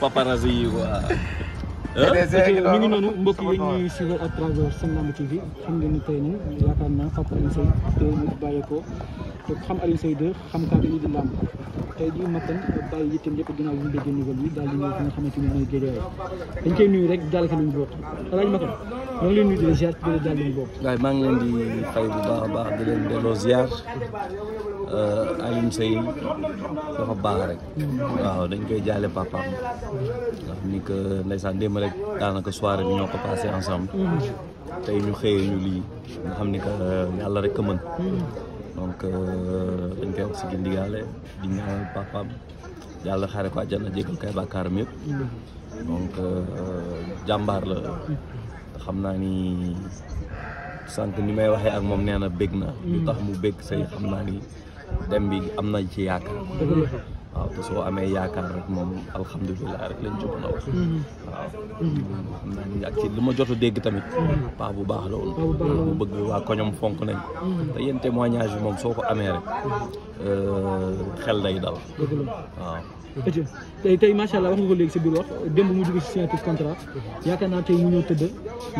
paparazzi yi quoi. mi ngi noonu mbokk yi ñuy suivre à travers Sen Lamb TV xam ngeen ni tey nii yaakaar naa Fapal nañ xam Alioune Seye 2 xam kàddu yi di làmb ni mooy géej rek daal ka nuñ leen di a baax di leen delloo euh, rek dañ koy jaale papaam ndax ni que ndeysaan démb rek daanaka soirée ñoo ko passé ensemble mm-hmm. tey ñu xëyee ñu lii nga xam ni que euh, yàlla rek ka mën mm-hmm. donc euh, dañ koy wax si di ñaanal papaam yàlla xaare ko àjjana jéggal koy bàkkaaram yëpp donc euh, jàmbaar la xam naa ni sànq ni may waxee ak moom nee na bég na lu tax mu bég say xam naa ni dem bi am nañ ci yaakaar waaw te soo amee yaakaar rek moom alhamdulilah rek lañ mhm. Mhm. ci mën a wax. waaw. li ma jot dégg tamit. Mhm. paa bu baax la woon. bu bëgg waa koñom fonk nañ te yéen témoignage bi moom soo ko amee rek euh, xel day dal. waaw. étienne tey tey macha allah wax nga ko léegi si biir wax démb mu jóge si signature contrat yaakaar naa tey mu ñëw tëdd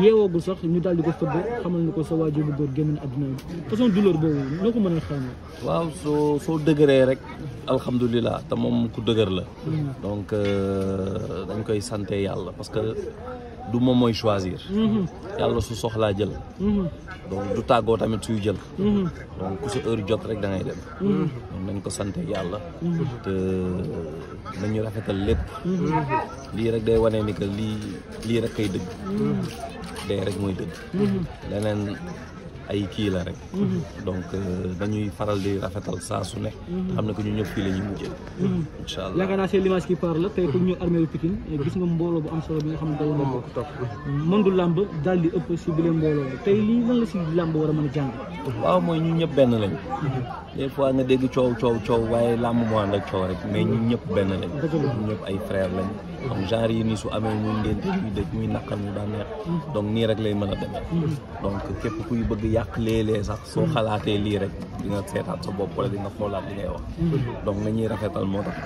yeewoogul sax ñu dal di ko fëgg xamal ni ko sa waajur bu góor génn àddina bi façon douleur boobu noo ko mën a xamee. waaw soo soo dëgëree rek alhamdulilah. allah te moom ku dëgër la donc euh, dañ koy sante yàlla parce que du moom mooy choisir yàlla su soxlaa jël donc du tàggoo tamit suy jël donc ku sa heure jot rek da ngay dem donc ko sante yàlla te nañu rafetal lépp lii rek day wane ni que lii lii rek kay dëgg day rek mooy dëgg leneen ay kii la rek. Mhm. donc euh, dañuy faral di rafetal saa su ne. Mhm. xam ne que ñu ñëpp fii la ñuy mujjee. Mhm. incha allah yaakaar naa c'est l'image qui tey ku ñu armée bu Pikine gis nga mbooloo bu am solo bi nga xam ne dawoon na ko topp. mëndu làmb daal di ëpp si bile mbooloo bi tey lii lan la si làmb war a mën a jàng. waaw mooy ñu ñëpp benn lañ. des fois nga dégg coow coow coow waaye làmb moo ànd ak coow rek mais ñu ñëpp benn lañ. ñu ñëpp ay frère lañ. donc genre yi nii su amee muy ngénte muy dëj muy naqar mu donc nii rek lay mën a demee donc képp kuy bëgg yàq léeg-léeg sax soo xalaatee lii rek di nga seetaat sa bopp wala di nga xoolaat li ngay wax donc nañuy rafetal moo tax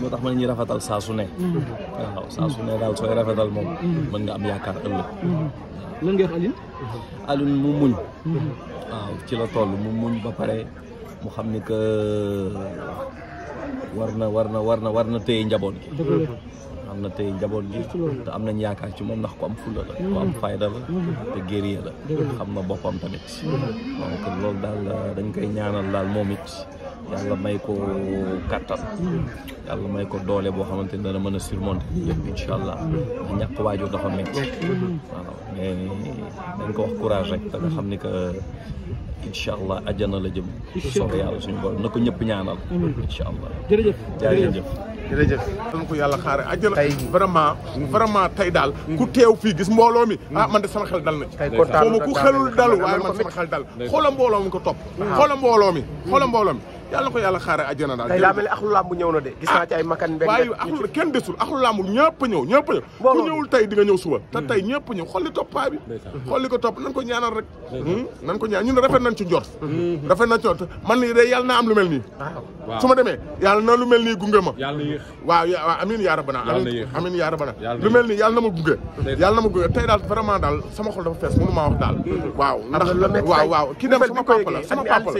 moo tax ma nañuy rafetal saa su ne waaw saa su daal sooy rafetal moom mën nga am yaakaar ëllëg lan nga mu muñ waaw ci la tool mu muñ ba pare mu xam ni que war na war na war na war na téye njaboot na tey njaboot gi te am nañ yaakaar ci moom ndax ku am fulla la ku am fayda la te guerrier la xam na boppam tamit donc loolu daal euh, dañ koy ñaanal daal moom it yàlla may ko kàttan yàlla may ko doole boo xamante ni dana mën a surmonter yëpp incha allah ndax ñàkk waajur dafa métti waaw mais dañ ko wax courage rek da xam ni que incha allah ajjana la jëm soobee yàlla suñu borom na ko ñëpp ñaanal incha allah jërëjëf a ko yàlla xaare ajjana vraiment vraiment tey daal ku teew fii gis mbooloo mi mm. ah man de sama xel dal na ci xawma ku xelul dalu waaye man sama xel dal xoola mbooloo mi ko topp xoola mbooloo mi xoola mbooloo yàlla ko yàlla xaare àjjana daal tey laa mel ni axlu làmb ñëw na de gis naa ci ay makan mbeg waaye axlu kenn desul axlu làmb ñëpp ñëw ñëpp ñëw ku ñëwul tey di nga ñëw suba te hmm. tey ñëpp ñëw xool li topp paa bi hmm. xool li ko topp nan ko ñaanal rek nan hmm. ko ñaan ñun rafet nañ ci njort rafet nañ ci njort man nii de yàlla na am lu mel nii su ma demee yàlla na lu mel nii gunge ma waaw waaw amiin yaa rabana amiin yaa rabana lu mel nii yàlla na ma gunge yàlla na ma gunge tey daal vraiment daal sama xol dafa fees mënu maa wax daal waaw ndax waaw waaw kii dem sama papa la sama papa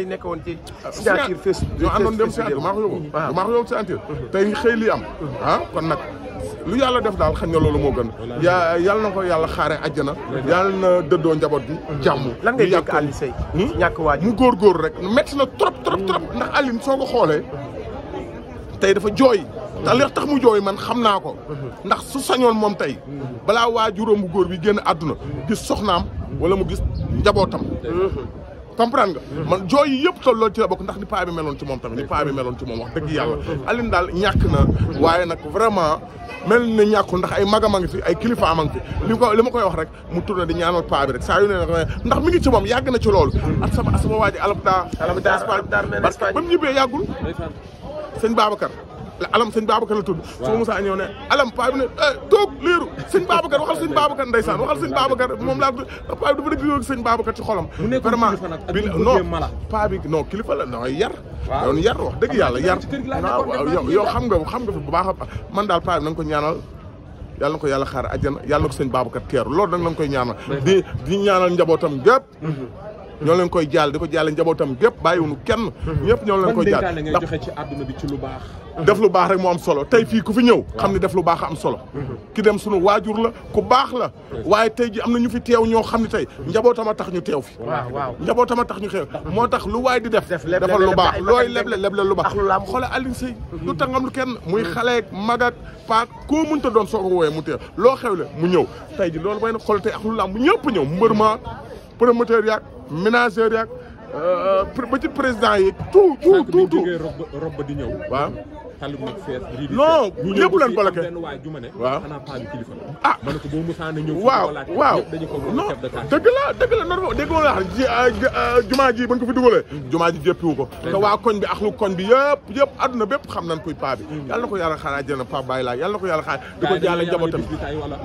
la test ñoo àndoon dem si ànd maa ko yóbbu maa ko tey xëy am ah kon nag lu yàlla def daal xañ na loolu moo gën yaa yàlla na ko yàlla xaare àjjana yàlla na dëddoo njaboot bi jàmm lan ngay dégg Aliou Seye hmm? ñàkk waaj mu góorgóor rek métti na trop trop hmm. ndax Aliou soo ko xoolee tey dafa jooy ndax hmm. li tax mu jooy man xam naa ko ndax su sañoon moom tey balaa waajuróom bu góor bi génn àdduna gis soxnaam wala mu gis njabootam comprendre nga jooy yi yëpp tolloo ci la bokk ndax ni paa meloon ci moom tamit ni paa meloon ci moom wax dëgg yàlla Alioune daal ñàkk na waaye nag vraiment mel na ñàkkul ndax ay magam a ngi fi ay kilifa am a fi li ma koy wax rek mu tourné di ñaanal paa bi rek saa ne ndax mi ngi ci moom yàgg na ci lool ak sama ak sama waa que ba mu ñibbee yàggul sëñ Babacar alam sëñ Babacar la tudd su ma mosaa ñëw ne alam paa bi ne eh, toog liiru sëñ Babacar waxal sëñ Babacar ndeysaan waxal sëñ Babacar moom laa paa bi dafa dëgg yooyu sëñ Babacar ci xolam kilifa la da yar doon yar wax dëgg yàlla yar waaw yow xam nga xam nga fi bu baax a man daal paa nan na nga ko ñaanal yàlla na ko yàlla xaar jan yàlla na ko sëñ Babacar keeru loolu nag la nga koy ñaanal di ñaanal njabootam gépp mm-hmm. ñoo leen koy jaal di ko jaale njabootam gépp bàyyiwunu kenn mhm. ñëpp ñoo leen koy jaal ngay joxe ci àdduna bi ci lu baax def lu baax rek moo solo tey fii ku fi ñëw xam ne def lu baax am solo mhm. ki dem sunu waajur la ku baax la waaye tey ji am na ñu fi teew ñoo xam ne tey mhm. njabootama tax ñu teew fi njabootama tax ñu xew moo tax lu waay di def defal lu baax looy leble leble lu baax xoole Alioune Seye du tangam lu kenn muy xaleeg mag ak paak koo mënta doon soo ko wooyee mu teew loo xew le mu ñëw tey ji loolu mooy nag xoole tey ak lu lamb ñëpp ñëw mbër ma promoteur yaag ménageurs yak euh, ba ci président yi tout tout tout tout. di ñëw waaw. talum nag fees. non ñëpp lañ bloqué ñu waaw xanaa paa bi kilifa ah. ko boo musaana ñëw. waaw waaw dañu ko non dëgg la dëgg la non dégg nga wax ji ah, ah, jumaa ji bañ ko fi dugalee. Hmm. jumaa ji jéppiwu ko. waa koñ bi axlu koñ bi yëpp yëpp xam nañ kuy paa bi. Hmm. na ko yàlla xaar àjjana paa bàyyi laa yàlla na ko yàlla xaar. di ko jaale njabootam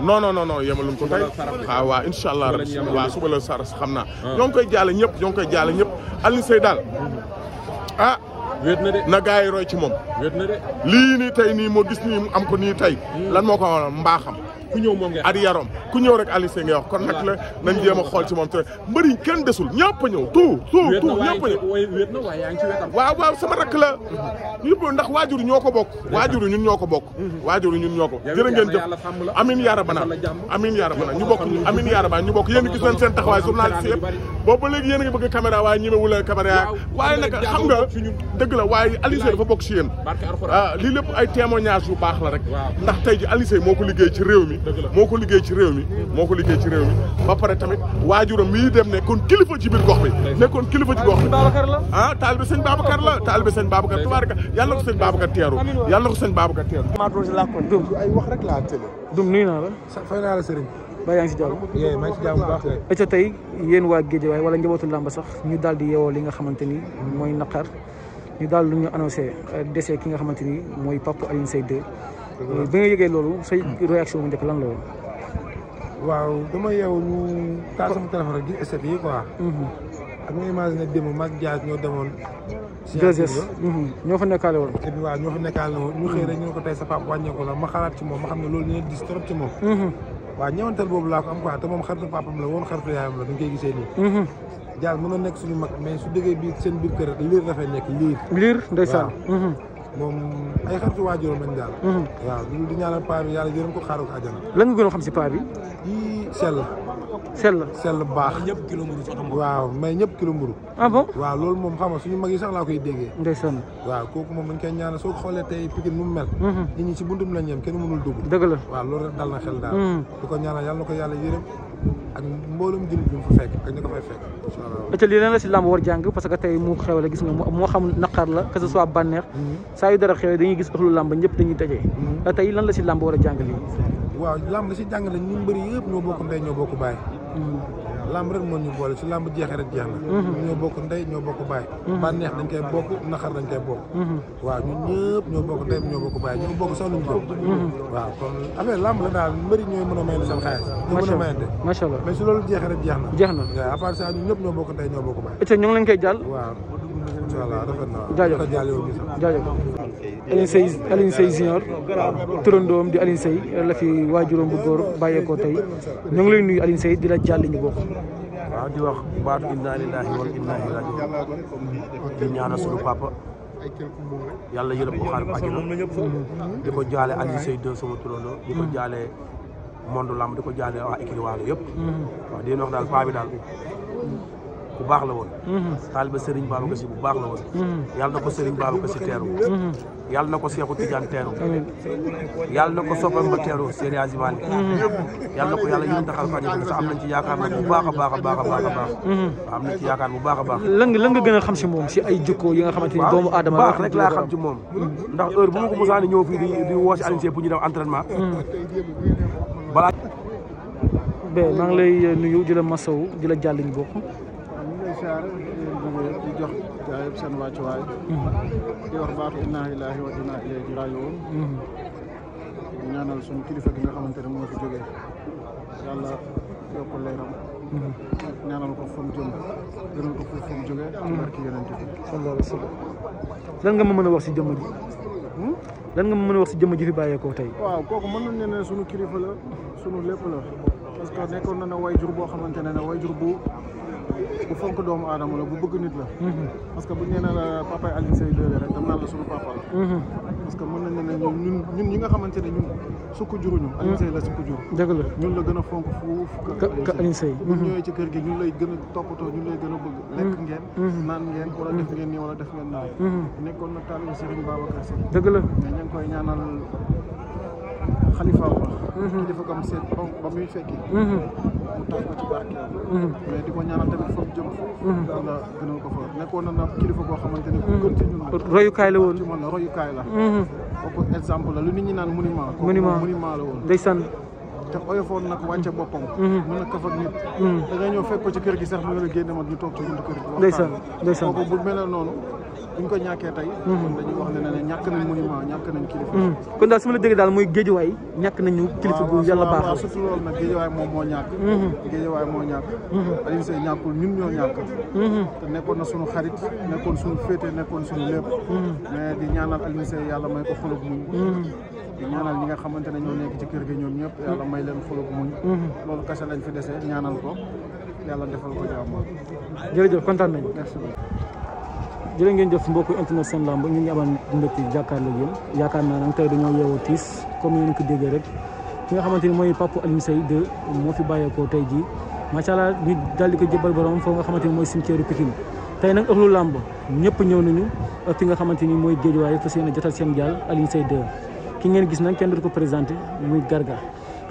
non non non ko tey. waaw waaw incha allah waaw suba xam naa. ñoo ngi koy jaale ñëpp ñoo ngi koy jaale ñëpp Alioune Seye daal hmm. ah wéet na de na yi roy ci moom. wéet na de lii nii tey nii moo gis ni mu am ko nii tey. Hmm. lan moo ko waral mbaaxam. ku ñëw moom ngay Adi ku ñëw rek Aliou Seye ngay wax kon nag la nañ jéem xool ci moom te mbër kenn desul ñëpp a ñëw tout tout tout ñëpp a ñëw waaw waaw sama rakk la ñëpp ñoo ko bokk waajur ñun ñoo ko bokk mhm. waajur ñun ñoo ko jërë ngeen jëf amin yaara bana amin yaara bana ñu bokk amin yaara bana ñu bokk yéen gis seen taxawaay journaliste yëpp boobu ba léegi yéen a ngi bëgg caméra waaye ñemewula caméra waaye nag xam dëgg la waaye Aliou Seye dafa bokk ci yéen ah, lii lépp ay témoignage yu baax la rek ndax tey ji Aliou moo ko liggéey ci réew mi moo ko liggéey ci réew mi moo ko liggéey ci réew mi ba pare tamit waajuram mii dem nekkoon kilifa ci biir gox bi nekkoon kilifa ci gox bi ah taalibe sëñ Babacar la seen sëñ Babacar tubaarka yàlla na ko sëñ Babacar teeru yàlla na ko sëñ Babacar teeru dum nuyu naa la fay naa la ba yaa ngi si jàmm maa ngi si jàmm bu baax ëcca tey yéen waa Guédiawaye wala njabootu làmb sax ñu daal di yeewoo li nga xamante ni mooy naqar ñu daal lu ñu annoncé eh, décès ki nga xamante ni mooy Pape Alioune Seye Euh, bi nga yëgee loolu say réaction bu njëkk lan la woon. waaw dama yeewu ñu taal sama téléphone rek di essayé quoi. Mhm. ak nga imaginer démb mag Diaz ñoo demoon. deuxième mhm. ñoo fa nekkaale woon. woon sa papa wàññeeku la ma xalaat ci moom ma xam ne loolu dina dis trop ci moom. Mhm. waaw ñëwantal boobu laa ko am quoi te moom xaritu papam la woon xaritu yaayam la dañ koy gisee nii. Diaz mën na nekk suñu mag mais su déggee biir seen biir kër liir dafay nekk liir. liir ndeysaan waaw. moom ay xaritu waajuram lañ daal. Mhm. waaw du di ñaanal paa bi yàlla jërëm ko xaaru ko àjjana. nga gën a xam si paa bi. yii sell. sell sell baax. ñëpp kilo mburu waaw mais ñëpp kilo mburu ah bon waaw loolu moom xam nga suñu mag yi sax laa koy déggee. ndeysaan. waaw kooku moom dañ koy ñaanal soo xoolee tey Pikine mu mel. Mhm. nit ñi si buntum lañ yem kenn mënul dugg. dëgg la waaw loolu rek dal na xel daal. Mhm. di ko ñaanal yàlla na ko yàlla yërëm ak mbooloom jullit bi mu fa fekk ak ñu ko fay fekk incha allah. lan la si làmb war jàng parce que tey mu xew la gis nga moo xam naqar la que ce soit bànneex. Mm-hmm. saa yu dara xewee dañuy gis ëxlu làmb ñëpp dañuy dajee. te mm-hmm. tey lan la si làmb war a jàng lii. waaw làmb la si jàng la ñun mbëri yëpp ñoo bokk ndey ñoo bokk baay. Mm-hmm. lamb rek moo ñu boole su lamb jeexee rek jeex na mhm. ñoo bokk ndey ñoo bokk baay mhm. bànneex dañ koy bokk naxar dañ koy bokk mhm. waaw ñun ñëpp ñoo bokk ndey ñoo bokk baay ñoo bokk sax luñ bokk waaw kon affaire lamb daal mbëri ñooy mën a mayante seen xaalis ñoo mën a mayante macha allah mais loolu jeexee jeex na jeex na waaw à part ça ñëpp ñoo bokk ndey ñoo bokk baay ñu ngi lañ koy jàll jaajëf jaajëf Alioune Seye Alioune Seye junior turandoom di Alioune Seye la fi waajuróom bu góor bàyyeekoo tey ñoo ngi lay nuyu Alioune Seye di la jàll ñu bokk waaw wax baatu inna lillahi wa inna ilayhi raji'un di ñaanal suñu papa yàlla yërëm ko xaar àjjana di ko jaale Alioune Seye deux turandoo di ko jaale monde lamb di ko jaale waa écurie Waalo yëpp la mm-hmm. di leen wax daal paa bi daal bu baax la woon taaliba Serigne Babacar Sy bu baax la woon yàlla na ko Serigne Babacar Sy teeru yàlla na ko Seexu Tijaan teeru yàlla na ko soppam ba teeru Serigne Azimane yàlla na ko yàlla yëpp taxal fañu sax am nañ ci yaakaar nag bu baax a baax a baax a baax a baax am nañ ci yaakaar bu baax a baax lan lan nga gën a xam si moom si ay jikko yi nga xamante ni doomu aadama baax rek laa xam ci moom ndax heure bu ma ko mosaani ñëw fii di di woo si Alioune Sèye pour ñu def entraînement balaa be maa ngi lay eh, nuyu di la masaw di la jàll ñu bokk siyaare di jox gaa yëpp seen wàccuwaay di wax baatu inna ilaahi wa inna ilayhi raaji'uun ñaanal suñu kilifa gi nga xamante ne moo fi jógee yàlla yokk ko fa mu jëm gënal ko nga ma mën a wax si jëmm ji hmm? mën a wax si jëmm ji fi bàyyeekoo tey waaw kooku mën nañ ne ne kilifa la suñu lépp la parce que nekkoon na way jur xamante ne ne way jur bu fonk doomu aadama la bu bëgg nit la mhm. parce que bu nee na la papa Alioune Seye rek dam naan la suñu papa la mhm. parce que mën na ne ñun ñun ñun ñi nga xamante ne ñun sukk juruñu ñu mhm. Seye la sukk jur dëgg la ñun la gën a fonk fuuf ka Alioune Seye bu ñëwee ci kër gi ñun lay gën a toppatoo ñun lay gën a bëgg lekk ngeen naan ngeen wala def ngeen nii wala def ngeen naa nekkoon na taal Serigne Babacar Sy dëgg la mais ñu ngi koy ñaanal xalifa wa mhm. kilifa comme seen ba muy fekki mhm. mu tax ko ci barkeel mhm. mais di ko ñaanal tamit foofu jëm foofu yàlla gënal ko fa nekkoon na na kilifa koo xamante ne ku gën ci ñun royukaay la woon ci man la royukaay la kooku exemple la lu nit ñi naan monument monument monument la woon ndeysaan te oyofoon nag wàcce boppam mën a kaf ak nit da ngay ñëw fekk ko ci kër gi sa mu la génne ma ñu toog ci buntu kër gi ndeysaan ndeysaan kooku bu mel noonu buñ ko ñàkkee tey. Mhm. kon dañuy wax ne ne ñàkk nañ monument ñàkk nañ kilifa. Mhm. kon daal su ma la déggee daal mooy géejuwaay ñàkk nañu. kilifa bu yàlla baaxal waaw surtout loolu nag géejuwaay moom moo ñàkk. Mhm. géejuwaay moo ñàkk. Alioune Seye ñàkkul ñun ñoo ñàkk. te nekkoon na suñu xarit nekkoon suñu féete nekkoon suñu lépp. mais di ñaanal Alioune Seye yàlla may ko xolub muñ. di ñaanal ñi nga xamante ne ñoo nekk ci kër gi ñoom ñëpp yàlla may leen xolub muñ. loolu kese lañ fi dese ñaanal ko yàlla defal ko jàmm. jërëjëf kontaan nañu merci beaucoup jërë ngeen jëf mbokku internet seen làmb ñu ngi amal mbégte jàkkaarloo yéen yaakaar naa nag tey dañoo yeewoo tiis comme yéen ko déggee rek ki nga xamante ni mooy Pape Alioune Seye 2 moo fi bàyyeekoo tey ji macha allah ñu daal di ko jébal borom foofu nga xamante ni mooy cimetière Pikine tey nag ëxlu làmb ñëpp ñëw nañu ak fi nga xamante ni mooy géejuwaay fas yéene jotal seen jaal Alioune Seye 2 ki ngeen gis nag kenn du ko présenté muy Garga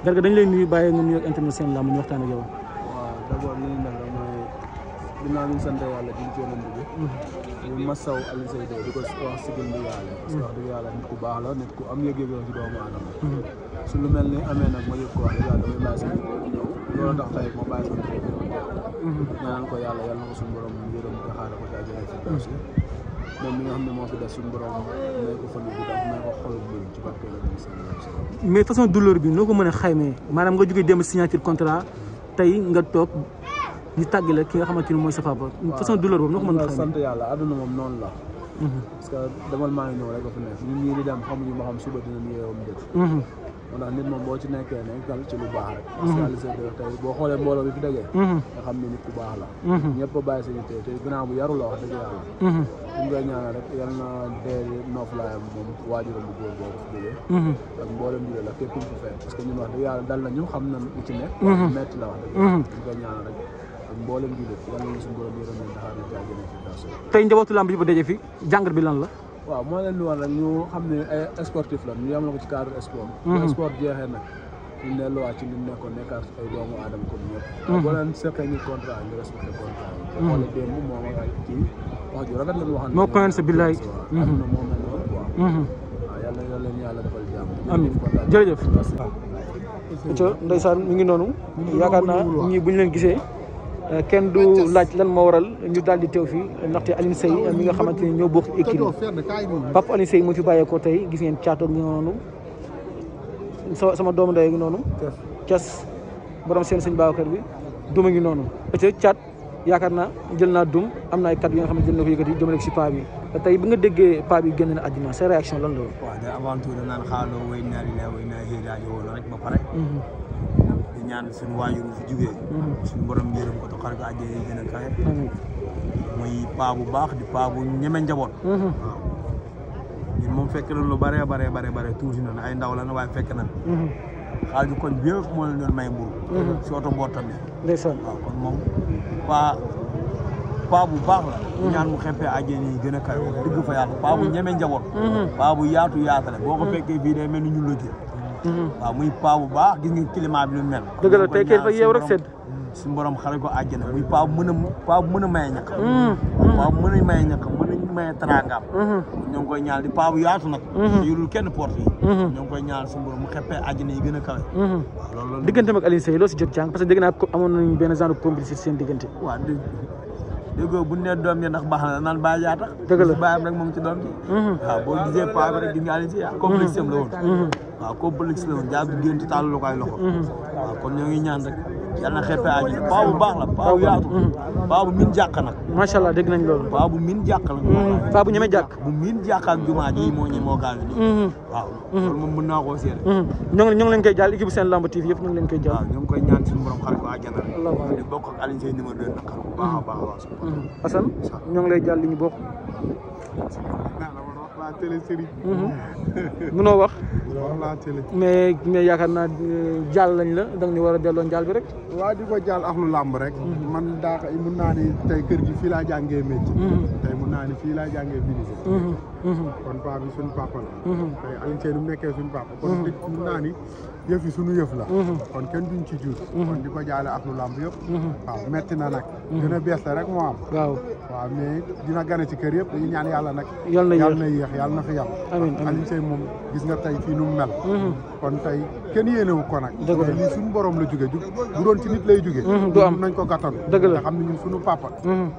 Garga dañu leen nuyu bàyyi nga nuyoog internet seen làmb ñu waxtaan ak yow. waaw d' naan mooy sant yàlla ci di masaw Alioune Seye de di ko wax si gën di yàlla. parce que wax dëgg yàlla nit ku baax la nit ku am ma yëg ko wax dëgg yàlla damay bàyyi sama bopp ñëw loolu tax tey ma bàyyi sama bopp ñëw. ñaanal ko yàlla yal na ko suñu borom yërëm te xaaral ko jaajëfal ci kaw si. mais façon douleur bi noo ko mën a xaymee maanaam nga jógee dem signature contrat tey nga toog ñu tàgg la ki nga xamante ni mooy sa papa. façon douleur boobu noo ko mën a. sant yàlla àdduna moom noonu la. Mhm. parce que demal maa ngi ñëw rek a fi nekk ñun ñii di dem xamuñu ma xam suba dinañ yeewam dëkk. Mhm. moo tax nit moom boo ci nekkee nekkal ci lu baax rek. Mhm. parce que Alioune Seye tey boo xoolee mbooloo bi fi dajee. nga xam ne nit ku baax la. ñëpp a bàyyi seen tey tey ginnaaw bu yaru la wax dëgg yàlla. bu ñu koy ñaanal rek yal na dee noflaayam moom waajuram bu góor boobu fi jógee. ak mboolem bi la képp ku fi fekk parce que ñun wax dëgg yàlla dal na ñu xam nañ li ci nekk. metti la wax dëgg yàlla bu ñu koy ñaanal rek. ak mboolem jullit yàlla na suñu borom yërëm leen taxaar leen ci àjjana fi daa soo tey njabootu lamb yi ba daje fi jàngat bi lan la waaw moo leen la ñu yemale ko ci cadre sport mhm. bu sport jeexee nag ñu ne luwaa ci li mu nekkoon nekkaat ay doomu aadama comme ñëpp mhm. boo leen seqee ñu contrat ñu respecté contrat yi wala mhm. démb moom ak ay kii wax ju rafet lañu waxan moo koyoon sa billaay aduna moom la ngi noonu yaakaar naa bu ñu leen gisee Euh, kenn du laaj lan moo waral ñu daal di teew fii ndaxte Alioune Seye euh, mi nga xamante ni ñoo bokk équipe Pape Alioune Seye mu fi bàyyeekoo tey gis ngeen caatoog ngi noonu sama sama doomu ndey ngi noonu. Thiès seen sëñ Babacar bi duma ngi noonu. peut caat yaakaar naa jël naa dum am na kat yi nga xam ne jël na ko yëkkati jëmale ci paa bi tey bi nga déggee paa bi génn na àddina sa réaction lan la ñaan suñu waajur fi jugee mhm. suñu borom yërëm ko xar ko àjjee yi gën a kawe paa bu baax di paa bu ñeme njaboot mhm. waaw ñun moom fekk lu bare bare bare bare tuuti na ay ndaw la na waaye fekk nañ mhm. xaaju koñ bi yëpp moo leen doon may mburu kon moom paa paa bu baax la ñaan mu xeppee àjjee yi gën a kawe wax fa yàlla paa bu ñeme njaboot paa bu yaatu yaatale boo ko fekkee fii day mel ni ñu lëjee waaw muy paa ba baax gis ngeen climat bi lu mel. dëgg la tey kay fa yeew rek sedd. si mborom xale ko àjjana muy paa bu mën a paa bu mën a maye ñàkk. Mm. Mm. paa bu mën a maye ñàkk a di paa yaatu nag. yorul kenn porte yi. ñoo ngi koy ñaanal si mm-hmm. mborom mm-hmm. mu xeppee àjjana yi gën a kawe. Mm-hmm. loolu la digganteem ak Alioune Seye loo si jot jàng parce que dégg naa amoon nañu benn genre complicité seen diggante. yëgoo bu ne doom yi ndax baax na naan baa yaa tax dëgg la baayam rek moom ci doom ji mhm. waaw boo gisee paa bi rek gis nga ah, la woon mhm. waaw complexe la jaa bi génn tàllu ko ay kon ñoo ngi yàlla na xeppe àjjana paa bu baax la paa yaatu mm. paa bu min jàkk nag macha allah dégg nañ loolu paa bu min jàkk la mm. paa bu ñeme jàkk bu min jàkk jumaa ji moo ñi moo gaawi nii mm-hmm. waaw mm-hmm. loolu moom mën naa koo mm-hmm. ñoo ngi ñoo ngi leen koy jàll équipe seen lamb TV yëpp ñu ngi leen koy jàll waaw ñoo ngi koy a baax a ñoo ngi lay jàll li ñu naa télé Serigne. Mhm. mënoo wax. wax naa télé. mais mais yaakaar naa euh, jàll lañ la da nga ñu war a delloo jàll bi rek. waaw di ko jàll ak lu làmb rek. Mhm. man daa mun naa ni tey kër gi fii laa jàngee métier. Mhm. tey mun naa fii laa jàngee ministère. bi suñu papa la. tey Alioune Seye du nekkee mun naa yëf yi suñu yëf la mhm. kon kenn duñ ci juut mhm. kon di ko jaale ak lu lamb yëpp mhm. waaw metti na a bees la rek moo am waaw waaw mais dina gane ci kër yëpp dañu ñaan yàlla nag na yéex yàlla na fi yàlla amiin amiin Alioune Seye moom gis nga tey fii nu mu mel kon kenn yéenewu ko nag lii suñu borom la jóge ju bu doon ci lay jóge du am nañ ko gàttal dëgg la nga xam ne ñun suñu papa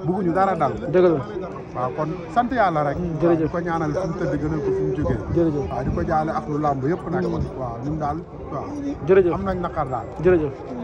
bëgguñu dara dal dëgg la waaw kon sant yàlla rek di ko ñaanal fu mu tëdd gënal ko fu mu jógee jërëjëf waaw di ko jaale ak lu làmb yëpp nag waaw ñun daal waaw jërëjëf am nañ naqar daal